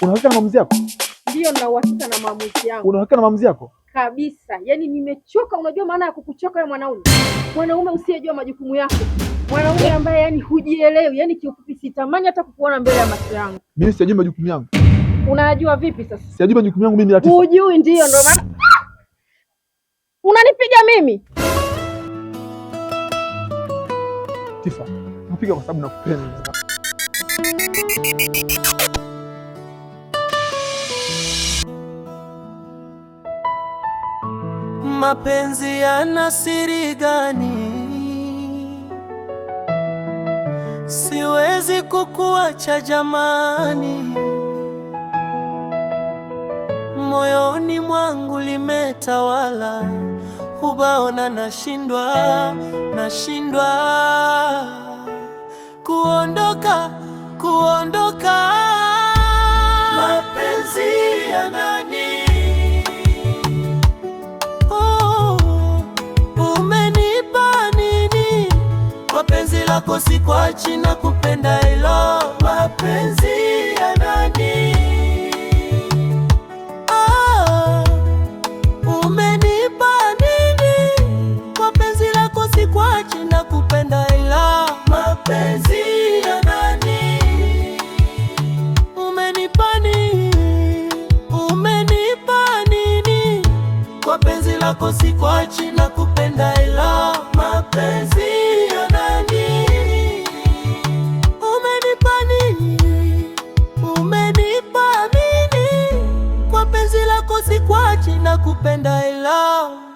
Unahakika na maamuzi yako? Ndio, na uhakika na maamuzi yangu. Unahakika na maamuzi yako kabisa? Yaani nimechoka. Unajua maana ya kukuchoka wewe mwanaume, mwanaume usiyejua majukumu yako, mwanaume ambaye yani hujielewi. Yani kiufupi, sitamani hata kukuona mbele ya macho yangu. Mimi sijui majukumu yangu. Unajua vipi sasa? Sijui majukumu yangu mimi. Latifa, hujui? Ndio, ndio maana unanipiga mimi. Latifa, napiga kwa sababu nakupenda. Mapenzi yana siri gani? Siwezi kukuacha jamani, moyoni mwangu limetawala, hubaona nashindwa, nashindwa kuondoka kuondoka. Mapenzi ya nani? Oh, umenipa nini? Kwa penzi lako sikuachi na kupenda hilo. Mapenzi ya nani? Oh, umenipa nini? Kwa penzi lako sikuachi na kupenda penzi lako sikuachi na kupenda ila mapenzi ya nani? Umenipa nini? Umenipa nini? Kwa penzi lako sikuachi na kupenda ila mapenzi